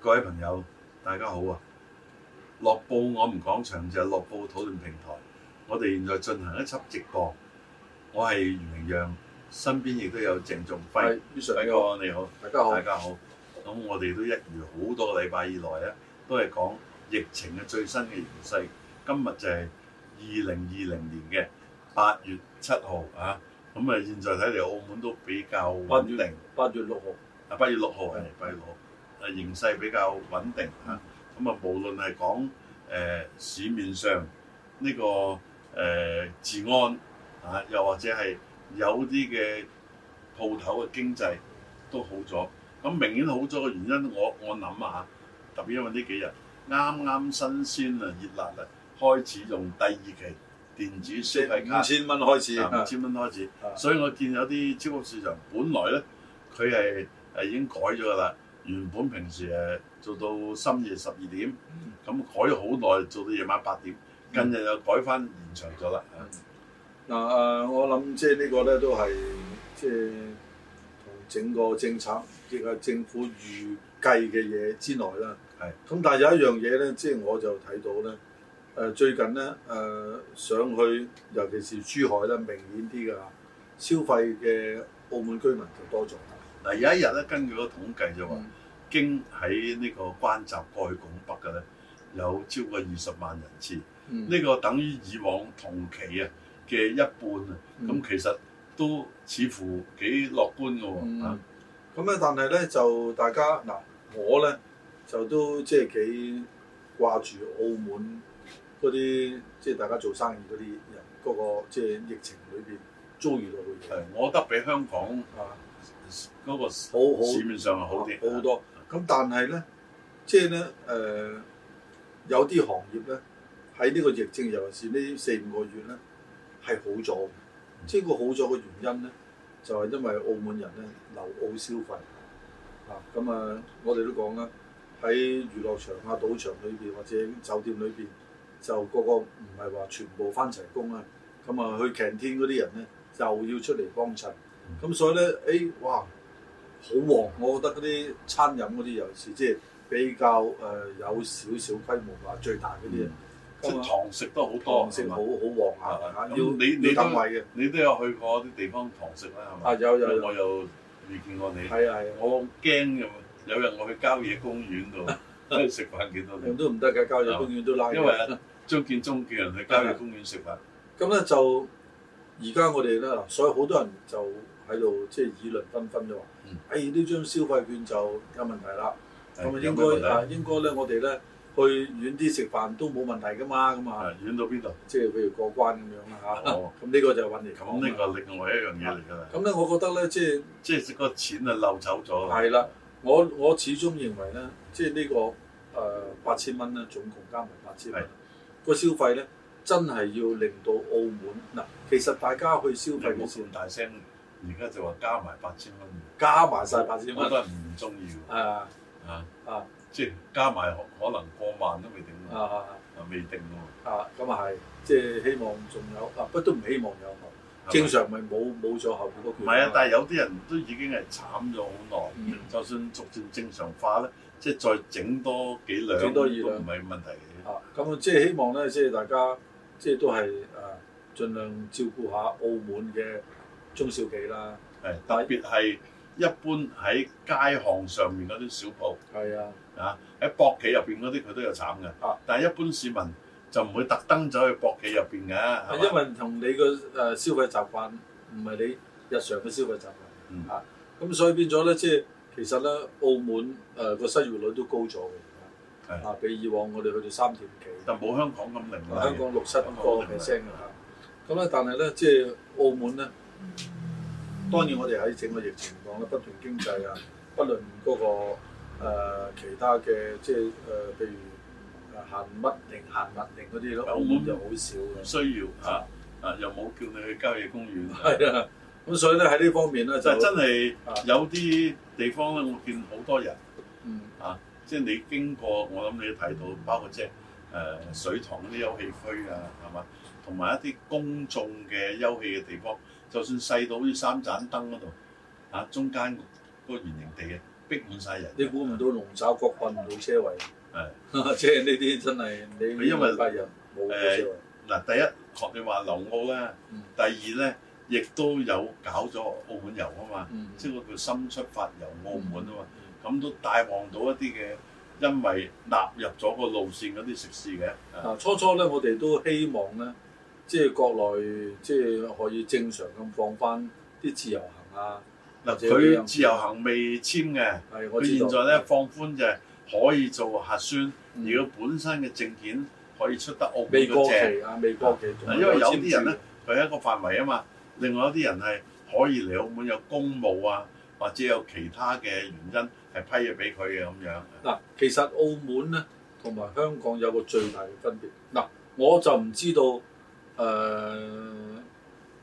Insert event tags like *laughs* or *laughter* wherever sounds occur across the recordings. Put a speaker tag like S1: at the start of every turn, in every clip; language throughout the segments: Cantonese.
S1: 各位朋友，大家好啊！樂報我哋講場，就樂報討論平台。我哋現在進行一輯直播。我係袁明陽，身邊亦都有鄭仲輝。係，你好。大家好，大家好。咁我哋都一如好多個禮拜以來咧，都係講疫情嘅最新嘅形勢。今日就係二零二零年嘅八月七號啊！咁啊，現在睇嚟澳門都比較穩定，八月六號，啊八月六號係八月六號，啊形勢比較穩定吓。咁啊，無論係講誒市面上呢、這個誒、呃、治安啊，又或者係有啲嘅鋪頭嘅經濟都好咗。咁明顯好咗嘅原因，我我諗下，特別因為呢幾日啱啱新鮮啊熱辣啊，開始用第二期。電子式係五千蚊開始，啊、五千蚊開始，啊、所以我見有啲超級市場，本來咧佢係係已經改咗噶啦，原本平時誒做到深夜十二點，咁、嗯、改咗好耐做到夜晚八點，近、嗯、日又改翻延長咗啦。嗱啊，啊，我諗即係呢個咧都係即係同整個政策即係政府預計嘅嘢之內啦。係是，咁但係有一樣嘢咧，即係我就睇到咧。誒最近咧，誒、呃、上去，尤其是珠海咧，明顯啲㗎，消費嘅澳門居民就多咗。嗱，有一日咧，根據個統計就話，嗯、經喺呢個關閘過去拱北嘅咧，有超過二十萬人次，呢、嗯、個等於以往同期啊嘅一半啊。咁、嗯、其實都似乎幾樂觀㗎喎吓。咁咧，但係咧就大家嗱，我咧就都即係幾掛住澳門。嗰啲即係大家做生意嗰啲人，嗰個即係疫情裏邊遭遇到嘅。係的我覺得比香港啊嗰個好好，市面上係好啲，好，好多。咁、嗯、但係咧，即係咧誒，有啲行業咧喺呢個疫情尤其是呢四五個月咧係好咗，即係個好咗嘅原因咧，就係、是、因為澳門人咧留澳消費啊。咁、嗯、啊，我哋都講啦，喺娛樂場啊、賭場裏邊或者酒店裏邊。就個個唔係話全部翻齊工啊，咁啊去 canteen 嗰啲人咧就要出嚟幫襯，咁所以咧，哎，哇，好旺！我覺得嗰啲餐飲嗰啲尤其是即係比較誒有少少規模啊，最大嗰啲即係堂食都好多，堂食好好旺啊！要你你等位嘅，你都有去過啲地方堂食咧，係嘛？啊有有，我又遇見過你。係係，我驚㗎，有日我去郊野公園度都食飯，見到你。咁都唔得㗎，郊野公園都拉。因為。將建鍾建人去郊野公園食飯，咁咧就而家我哋咧，所以好多人就喺度即係議論紛紛啫嘛。嗯，哎，呢張消費券就有問題啦。咁啊，應該啊，應該咧，我哋咧去遠啲食飯都冇問題噶嘛。咁啊，遠到邊度？即係譬如過關咁樣啦嚇。哦，咁呢個就揾嚟。咁呢個另外一樣嘢嚟㗎啦。咁咧，我覺得咧，即係即係個錢啊漏走咗。係啦，我我始終認為咧，即係呢個誒八千蚊咧，總共加埋八千蚊。個消費咧，真係要令到澳門嗱，啊，其實大家去消費冇算大聲，而家就話加埋八千蚊，加埋晒八千蚊，有啲人都唔中意啊，啊啊，即係加埋可能過萬都未定喎。啊啊啊，未定喎。啊，咁啊係，即係希望仲有，啊都不都唔希望有吧正常咪冇冇咗後果嗰句。唔係啊，但係有啲人都已經係慘咗好耐。嗯，就算逐漸正常化咧。即係再整多幾兩，整多二兩都唔係問題嘅。啊，咁啊，即係希望咧，即係大家，即係都係誒，盡量照顧下澳門嘅中小企啦。係，特別係一般喺街巷上面嗰啲小鋪。係啊。啊，喺博企入邊嗰啲佢都有慘嘅。啊。但係一般市民就唔會特登走去博企入邊嘅。啊、吧因為同你個誒消費習慣唔係你日常嘅消費習慣。嗯。咁、啊、所以變咗咧，即係。其實咧，澳門誒個失業率都高咗嘅，啊比以往我哋去到三點幾，但冇香港咁靈活，香港六七個 percent 嘅咁咧，嗯嗯、但係咧，即係澳門咧，當然我哋喺整個疫情嚟講咧，不斷經濟啊，不論嗰、嗰個、呃、其他嘅，即係誒譬如限乜定限乜定嗰啲咯，澳門，澳門就好少唔需要嚇，啊又冇叫你去郊野公園，係啊。咁所以咧喺呢方面咧，就真係有啲地方咧，我見好多人，嗯啊，即係你經過，我諗你都提到，包括即係誒水塘嗰啲休憩區啊，係嘛，同埋一啲公眾嘅休憩嘅地方，就算細到好似三盞燈嗰度，嚇、啊、中間、個圓形地嘅，逼滿晒人，嗯啊、 *laughs* 你估唔到龍爪角困唔到車位，係，即係呢啲真係你，因為多人，誒、呃、嗱，第一，你話劉澳啦，第二咧。嗯。亦都有搞咗澳門遊啊嘛，即係嗰個新出發遊澳門啊嘛，咁、嗯、都帶旺到一啲嘅，因為納入咗個路線嗰啲食肆嘅。嗱、啊，初初咧我哋都希望咧，即、就、係、是、國內即係、就是、可以正常咁放翻啲自由行啊。嗱，佢自由行未簽嘅，佢現在咧放寬就係可以做核酸，如果、嗯、本身嘅證件可以出得澳、嗯、美國啊，未過期，因為有啲人咧，佢喺一個範圍啊嘛。另外一啲人係可以嚟澳門有公務啊，或者有其他嘅原因係批嘢俾佢嘅咁樣。嗱，其實澳門咧同埋香港有個最大嘅分別。嗱，我就唔知道誒、呃、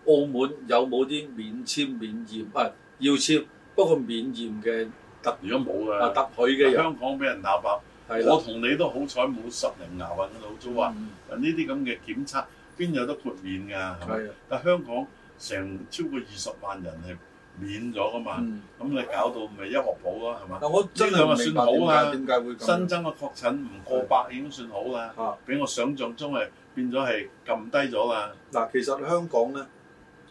S1: 澳門有冇啲免簽免驗啊？要簽，不過免驗嘅特而家冇啊，特許嘅人。香港俾人打爆，我同你都好彩冇失人牙或老好早話。呢啲咁嘅檢測邊有得豁免㗎？係咪？的的但香港。成超過二十萬人係免咗噶嘛，咁你、嗯嗯、搞到咪一毫普咯，係嘛、嗯？吧我真係話啊算好點解、啊、啦，會新增個確診唔過百已經算好啦、啊，俾的我想象中係變咗係撳低咗啦。嗱、啊，其實香港咧，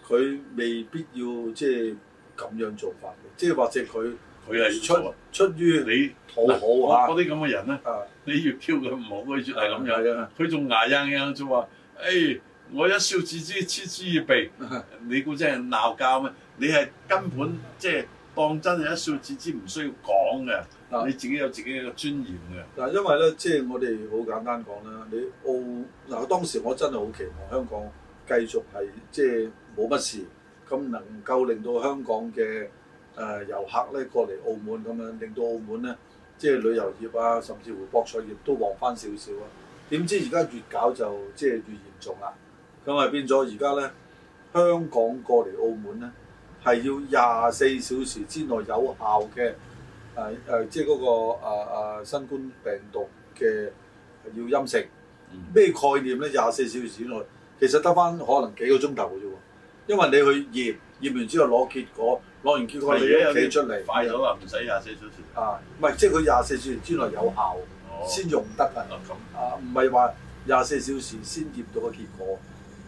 S1: 佢未必要即係咁樣做法嘅，即係或者佢佢係出要出於你討好你啊嗰啲咁嘅人咧，你要挑佢唔好，佢就係咁樣，佢仲牙隱隱就話，哎。嗯我一笑置之，嗤之以鼻。 *laughs* 你估真係鬧交咩？你係根本即係、 *laughs* 就是、當真係一笑置之，唔需要講嘅。嗱，你自己有自己嘅尊嚴嘅。但係，因為咧，即係我哋好簡單講啦。你澳嗱當時我真係好期望香港繼續係即係冇乜事，咁能夠令到香港嘅誒、呃、遊客咧過嚟澳門咁樣，令到澳門咧即係旅遊業啊，甚至乎博彩業都旺翻少少啊。點知而家越搞就即係越嚴重啦。咁啊變咗而家咧，香港過嚟澳門咧，係要廿四小時之內有效嘅誒誒，即係嗰、嗰個誒、呃、新冠病毒嘅要陰性。咩概念咧？廿四小時之內，其實得翻可能幾個鐘頭嘅啫喎。因為你去驗驗完之後攞結果，攞完結果你飛出嚟，快咗啊，唔使廿四小時。啊，唔係，即係佢廿四小時之內有效先、嗯、用得㗎。哦、啊，唔係話廿四小時先驗到個結果。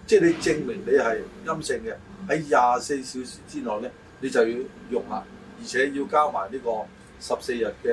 S1: 即係你證明你係陰性嘅，喺廿四小時之內咧，你就要用下，而且要交埋呢個十四日嘅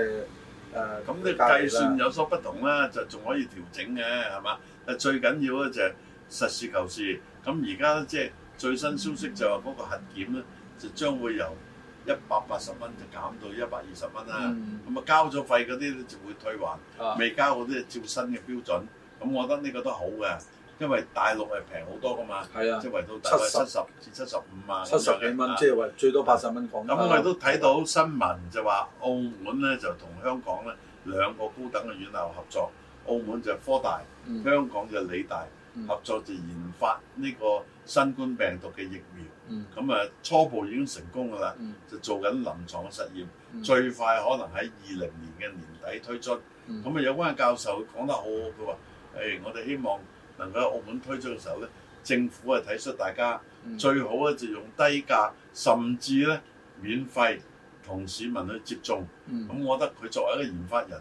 S1: 誒。咁你計算有所不同啦、啊，嗯、就仲可以調整嘅、啊，係嘛？誒最緊要咧就係實事求是。咁而家即係最新消息就話嗰個核檢咧，就將會由一百八十蚊就減到一百二十蚊啦。咁啊交咗費嗰啲就會退還，嗯、未交嗰啲照新嘅標準。咁我覺得呢個都好嘅。因為大陸係平好多㗎嘛，即係維到大概七十至七十五萬，七十幾蚊，即係話最多八十蚊港。咁我哋都睇到新聞就話，澳門咧就同香港咧兩個高等嘅院校合作，澳門就科大，香港就理大合作，就研發呢個新冠病毒嘅疫苗。咁啊初步已經成功㗎啦，就做緊臨床嘅實驗，最快可能喺二零年嘅年底推出。咁啊有關教授講得好，佢話：誒我哋希望。能夠喺澳門推出嘅時候咧，政府係睇出大家最好咧就用低價，甚至咧免費同市民去接種。咁我覺得佢作為一個研發人，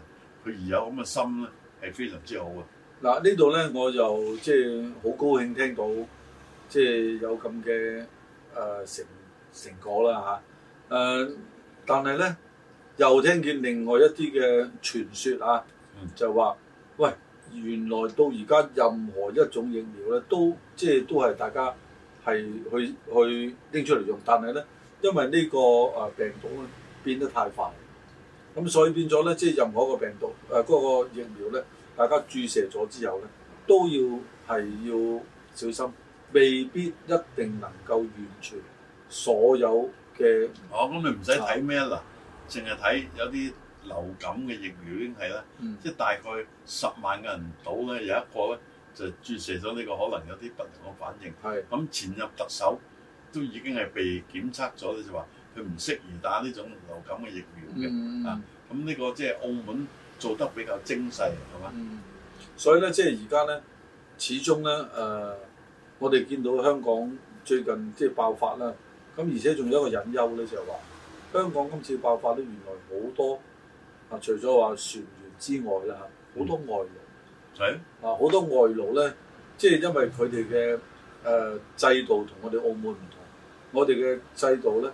S1: 佢而有咁嘅心咧，係非常之好嘅。嗱呢度咧，我就即係好高興聽到，即係有咁嘅誒成成果啦嚇。誒，但係咧又聽見另外一啲嘅傳說啊，就話。原來到而家任何一種疫苗咧，即都即係都係大家係去去拎出嚟用，但係咧，因為呢個誒病毒咧變得太快，咁所以變咗咧，即係任何一個病毒誒嗰、呃嗰個疫苗咧，大家注射咗之後咧，都要係要小心，未必一定能夠完全所有嘅。哦，咁你唔使睇咩啦，淨係睇有啲。流感嘅疫苗已經係啦，嗯、即係大概十萬個人到咧，有一個咧就注射咗呢、這個，可能有啲不同嘅反應。係咁是，前任特首都已經係被檢測咗咧，就話佢唔適宜打呢種流感嘅疫苗嘅、嗯、啊。咁呢個即係澳門做得比較精細，係嘛、嗯？所以咧，即係而家咧，始終咧誒，我哋見到香港最近即係爆發啦。咁而且仲有一個隱憂咧，就係、是、話香港今次爆發咧，原來好多。啊、除咗話船員之外啦，好、啊、多外勞，係啊好多外勞咧，即係因為佢哋嘅誒制度同我哋澳門唔同，我哋嘅制度咧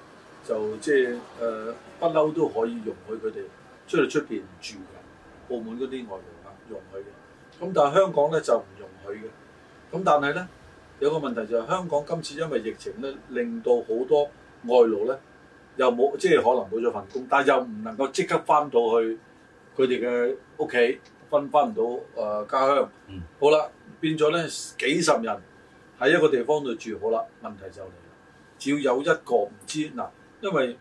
S1: 就即係誒不嬲都可以容許佢哋出去出邊住嘅，澳門嗰啲外勞啊容許嘅，咁、嗯、但係香港咧就唔容許嘅，咁、嗯、但係咧有個問題就係、是、香港今次因為疫情咧令到好多外勞咧。又冇即係可能冇咗份工，但係又唔能夠即刻翻到去佢哋嘅屋企，分翻唔到誒家鄉。嗯、好啦，變咗咧幾十人喺一個地方度住，好啦，問題就嚟啦，只要有一個唔知嗱，因為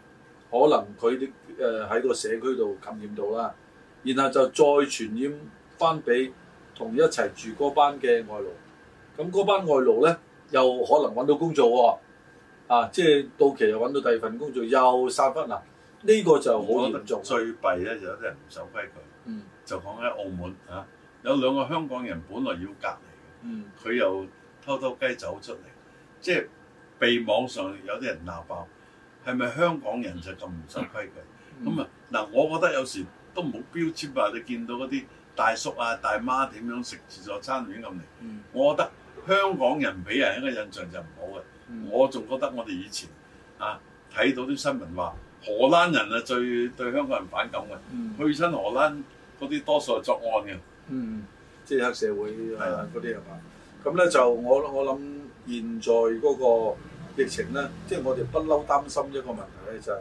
S1: 可能佢哋誒喺個社區度感染到啦，然後就再傳染翻俾同一齊住嗰班嘅外勞，咁嗰班外勞咧又可能揾到工作喎。啊！即係到期又揾到第二份工作，又三分啦。呢、這個就好嚴重。最弊咧，就有啲人唔守規矩。嗯。就講喺澳門嚇、啊，有兩個香港人本來要隔離嘅，佢、嗯、又偷偷雞走出嚟，即係被網上有啲人鬧爆。係咪香港人就咁唔守規矩？咁啊嗱，我覺得有時都冇標籤啊！你見到嗰啲大叔啊、大媽點、啊、樣食自助餐亂咁嚟？嗯、我覺得香港人俾人一個印象就唔好嘅。我仲覺得我哋以前啊睇到啲新聞話荷蘭人啊最對香港人反感嘅，嗯、去親荷蘭嗰啲多數係作案嘅，嗯，即係黑社會的啊嗰啲啊嘛。咁咧就我我諗現在嗰個疫情咧，即、就、係、是、我哋不嬲擔心一個問題咧就係、是、誒、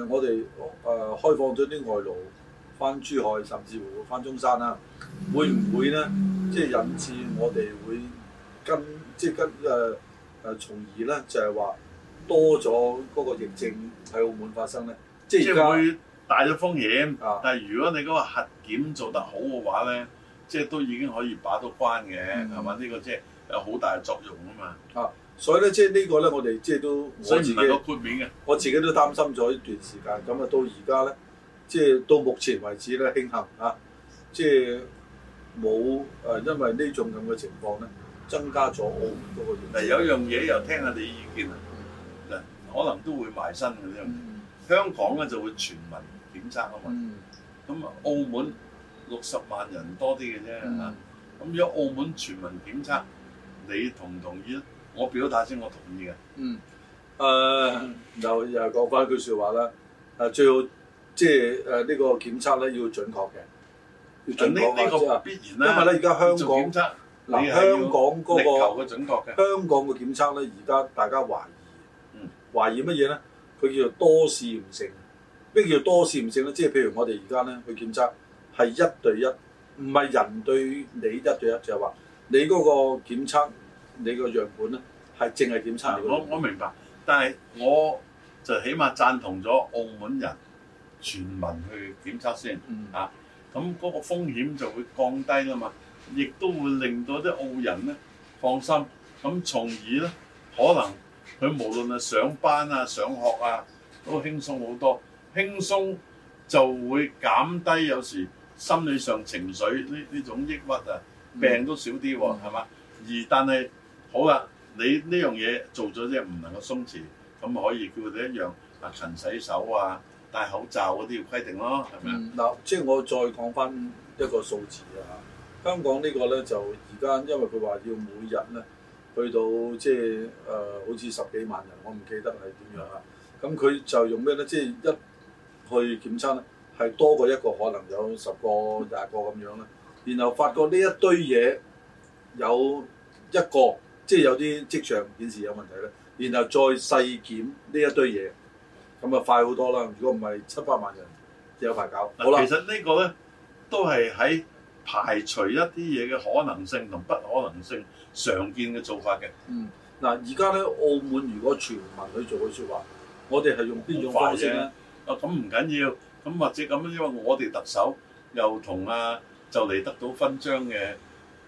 S1: 呃、我哋誒、呃、開放咗啲外勞翻珠海，甚至乎翻中山啦，會唔會咧即係引致我哋會跟即係跟誒？呃誒、呃，從而咧就係、係、話多咗嗰個疫症喺澳門發生咧，即係會大咗風險。啊、但係如果你嗰個核檢做得好嘅話咧，啊、即係都已經可以把到關嘅，係、嗯呢個、嘛？呢個即係有好大作用啊嘛。啊，所以咧，即係呢個咧，我哋即係都，我自己所以唔係個豁免嘅。我自己都擔心咗一段時間，咁啊到而家咧，即係到目前為止咧，慶幸啊，即係冇誒因為呢種咁嘅情況咧。嗯增加咗澳門嗰個，嗱有一樣嘢又聽下你意見啊，嗱可能都會埋身嘅呢樣嘢。香港咧就會全民檢測啊嘛，咁啊澳門六十萬人多啲嘅啫嚇，咁如果澳門全民檢測，你同唔同意咧？我表態先，我同意嘅。嗯，誒又又講翻一句説話啦，誒最好即係誒呢個檢測咧要準確嘅，要準確啊，即必然啦，因為咧而家香港。嗱，香港嗰個香港個檢測咧，而家大家懷疑，懷、嗯、疑乜嘢咧？佢叫做多試驗性。咩叫多試驗性咧？即係譬如我哋而家咧去檢測，係一對一，唔係人對你一對一，就係、是、話你嗰個檢測、嗯、你個樣本咧係淨係檢測？是是我我明白，但係我就起碼贊同咗澳門人全民去檢測先、嗯、啊，咁嗰個風險就會降低啦嘛。亦都會令到啲澳人咧放心，咁從而咧可能佢無論係上班啊、上學啊都輕鬆好多，輕鬆就會減低有時心理上情緒呢呢種抑鬱啊，病都少啲喎、哦，係嘛、嗯？而但係好啦，你呢樣嘢做咗即係唔能夠鬆弛，咁可以叫佢哋一樣啊勤洗手啊、戴口罩嗰啲要規定咯，係咪啊？嗱，即係、嗯、我再講翻一,一個數字啊～香港呢個咧就而家，因為佢話要每日咧去到即係誒，好似十幾萬人，我唔記得係點樣啦。咁佢、嗯、就用咩咧？即係一去檢測咧，係多過一個可能有十個廿個咁樣啦。然後發覺呢一堆嘢有一個，即係有啲跡象顯示有問題咧。然後再細檢呢一堆嘢，咁啊快好多啦。如果唔係七百萬人有排搞。嗱，其實呢個咧都係喺。排除一啲嘢嘅可能性同不可能性，常見嘅做法嘅。嗯，嗱，而家咧，澳門如果全民去做嘅說話，我哋係用邊種方式咧、嗯？啊，咁唔緊要，咁、嗯、或者咁樣，因為我哋特首又同啊就嚟得到勳章嘅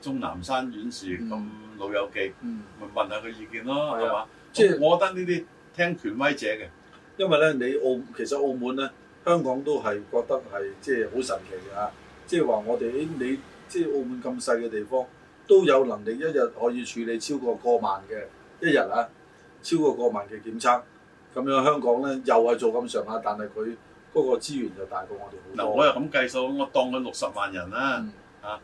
S1: 鍾南山院士咁老友記，咪、嗯、問下佢意見咯，係嘛、啊？即係吧我覺得呢啲聽權威者嘅，因為咧你澳其實澳門咧，香港都係覺得係即係好神奇啊！即係話我哋你，即係澳門咁細嘅地方，都有能力一日可以處理超過過萬嘅一日啊，超過過萬嘅檢測。咁樣香港咧又係做咁上下，但係佢嗰個資源就大過我哋好多。我又咁計數，我當佢六十萬人啦，嚇、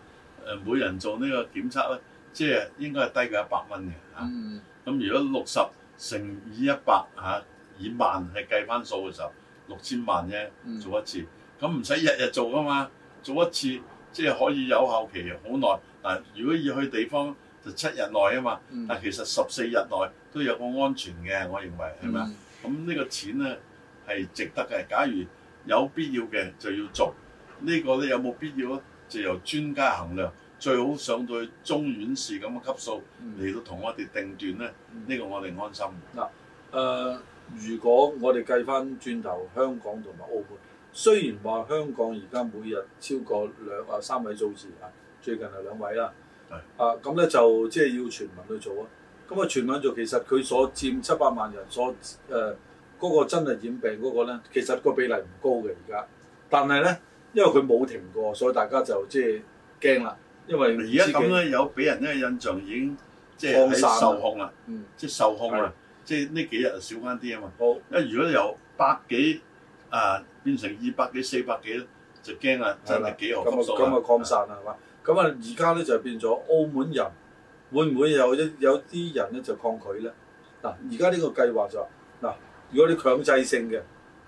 S1: 嗯，誒、啊，每人做呢個檢測咧，即係應該係低過一百蚊嘅嚇。咁、啊嗯、如果六十乘以一百嚇，以萬係計翻數嘅時候，六千萬啫，做一次，咁唔使日日做噶嘛。做一次即係可以有效期好耐嗱，如果要去地方就七日內啊嘛，嗯、但其實十四日內都有個安全嘅，我認為係咪啊？咁呢、嗯、個錢咧係值得嘅。假如有必要嘅就要做，這個、呢個咧有冇必要就由專家衡量，最好上到去中院士咁嘅級數嚟到同我哋定斷咧，呢、這個我哋安心。嗱，誒，如果我哋計翻轉頭香港同埋澳門。雖然話香港而家每日超過兩啊三位數字啊，最近係兩位啦。係的啊，咁咧就即係、就是、要全民去做啊。咁、嗯、啊，全民做其實佢所佔七百萬人所誒嗰、呃那個真係染病嗰個咧，其實個比例唔高嘅而家。但係咧，因為佢冇停過，所以大家就即係驚啦。因為而家咁咧，有俾人一個印象已經即係、就是、受控啦。嗯，即係受控啦。即係呢幾日少返啲啊嘛。好，因為如果有百幾。啊！變成二百幾四百幾咧，就驚啊！的真係幾何級數啊！咁啊，擴散啦，係嘛的？咁啊，而家咧就變咗澳門人，會唔會有有啲人咧就抗拒咧？嗱、啊，而家呢個計劃就嗱、是啊，如果你強制性嘅，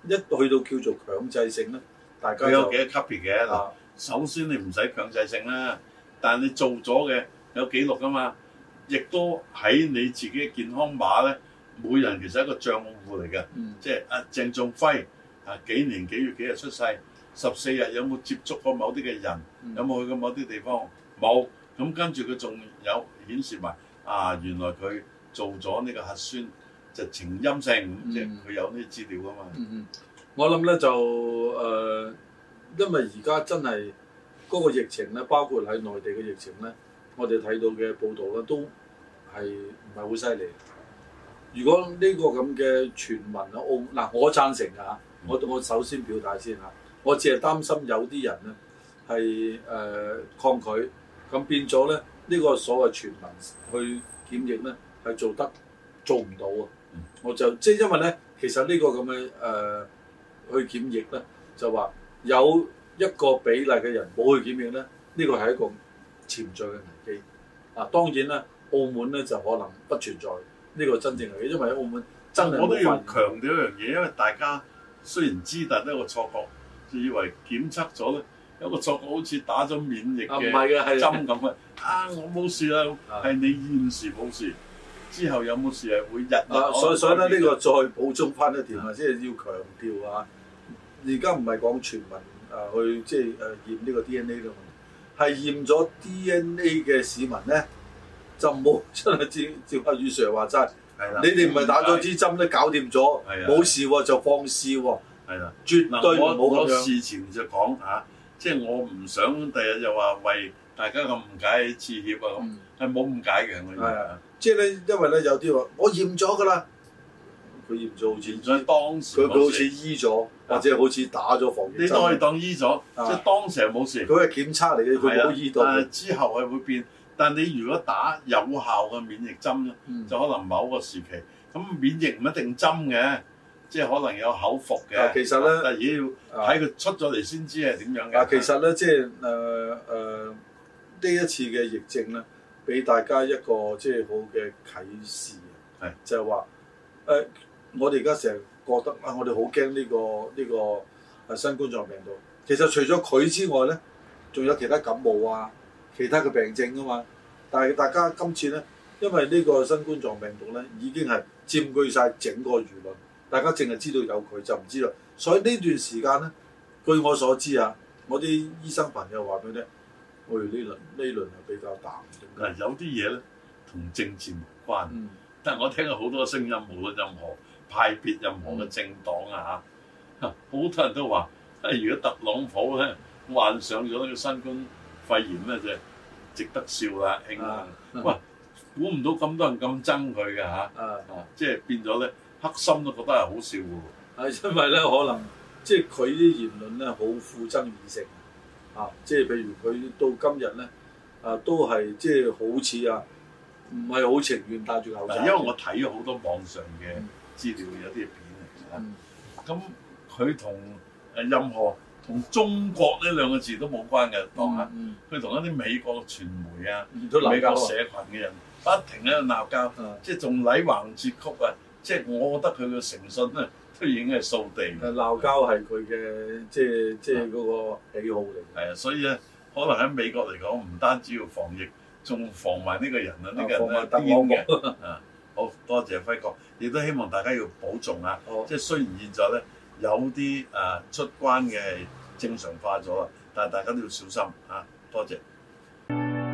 S1: 一到去到叫做強制性咧，大家有幾多級別嘅嗱？的首先你唔使強制性啦，但係你做咗嘅有記錄㗎嘛，亦都喺你自己嘅健康碼咧，每人其實一個賬戶嚟嘅，嗯、即係阿鄭仲輝。啊啊啊！幾年幾月幾日出世？十四日有冇接觸過某啲嘅人？嗯、有冇去過某啲地方？冇。咁跟住佢仲有顯示埋啊！原來佢做咗呢個核酸就呈陰性，即係佢有呢啲資料啊嘛。嗯、我諗咧就誒、呃，因為而家真係嗰個疫情咧，包括喺內地嘅疫情咧，我哋睇到嘅報道咧都係唔係好犀利。如果呢個咁嘅傳聞啊，我嗱我贊成啊！我我首先表達先吓，我只係擔心有啲人咧係誒抗拒，咁變咗咧呢個所謂全民去檢疫咧係做得做唔到啊？我就即係因為咧，其實呢個咁嘅誒去檢疫咧，就話有一個比例嘅人冇去檢疫咧，呢個係一個潛在嘅危機。嗱、啊，當然咧，澳門咧就可能不存在呢個真正危機，因為喺澳門真係我都要強調一樣嘢，因為大家。雖然知個，但呢咧我錯覺，就以為檢測咗咧有個錯覺，好似打咗免疫嘅針咁啊， *laughs* 啊！我冇事啦，係你現時冇事，之後有冇事係會日，日、啊所以。所以咧，呢個再補充翻一條啊，即係要強調啊！而家唔係講全民啊去即係誒驗呢個 DNA 嘅問題、啊、咯，係驗咗 DNA 嘅市民咧就冇真係照照阿宇 Sir 話齋。係啦，你哋唔係打咗支針都搞掂咗，冇事喎，就放肆喎，絕對唔好咁事前就講嚇，即係我唔想第日又話為大家咁誤解致歉啊咁，係冇誤解嘅咁嘅嘢。即係咧，因為咧有啲話我驗咗㗎啦，佢驗咗好似所以當時佢好似醫咗，或者好似打咗防疫針，你當佢當醫咗，即係當時係冇事。佢係檢測嚟嘅，佢冇醫到。之後係會變。但你如果打有效嘅免疫針咧，嗯、就可能某個時期咁免疫唔一定針嘅，即係可能有口服嘅、啊。其實咧，要睇佢出咗嚟先知係點樣嘅、啊。其實咧，即係誒誒呢一次嘅疫症咧，俾大家一個即係、就係、好嘅啟示，是就係話誒，我哋而家成日覺得啊，我哋好驚呢個呢、呢個新冠狀病毒。其實除咗佢之外咧，仲有其他感冒啊。其他嘅病症㗎嘛，但係大家今次咧，因為呢個新冠狀病毒咧，已經係佔據晒整個輿論，大家淨係知道有佢就唔知道，所以呢段時間咧，據我所知啊，我啲醫生朋友話俾你聽，喂、哎、呢輪呢輪係比較淡。嗱，有啲嘢咧同政治無關，嗯、但係我聽到好多聲音無論任何派別、任何嘅政黨啊，好、嗯、多人都話，如果特朗普咧患上咗呢個新冠肺炎咧就係值得笑啦，兄啊！喂，估唔到咁多人咁憎佢㗎吓，啊，啊，即係變咗咧，黑心都覺得係好笑嘅喎、啊。係因為咧，可能即係佢啲言論咧好富爭議性啊！即係譬如佢到今日咧，啊都係即係好似啊，唔係好情願戴住口罩。因為我睇咗好多網上嘅資料，嗯、有啲片嚟嘅。咁佢同誒任何。同中國呢兩個字都冇關嘅，當下佢同一啲美國傳媒啊、都美國社群嘅人不停喺度鬧交，嗯、即係仲嚟橫截曲啊！即係我覺得佢嘅誠信咧、啊，都已經係掃地。鬧交係佢嘅，即係即係嗰個喜好嚟。係啊，所以咧，可能喺美國嚟講，唔單止要防疫，仲防埋呢個人，呢個人啊，呢個人係癲嘅。啊瘋的， *laughs* 好多謝輝哥，亦都希望大家要保重啊。即係雖然現在咧。有啲誒、呃、出關嘅正常化咗啦，但係大家都要小心吓，啊。多謝。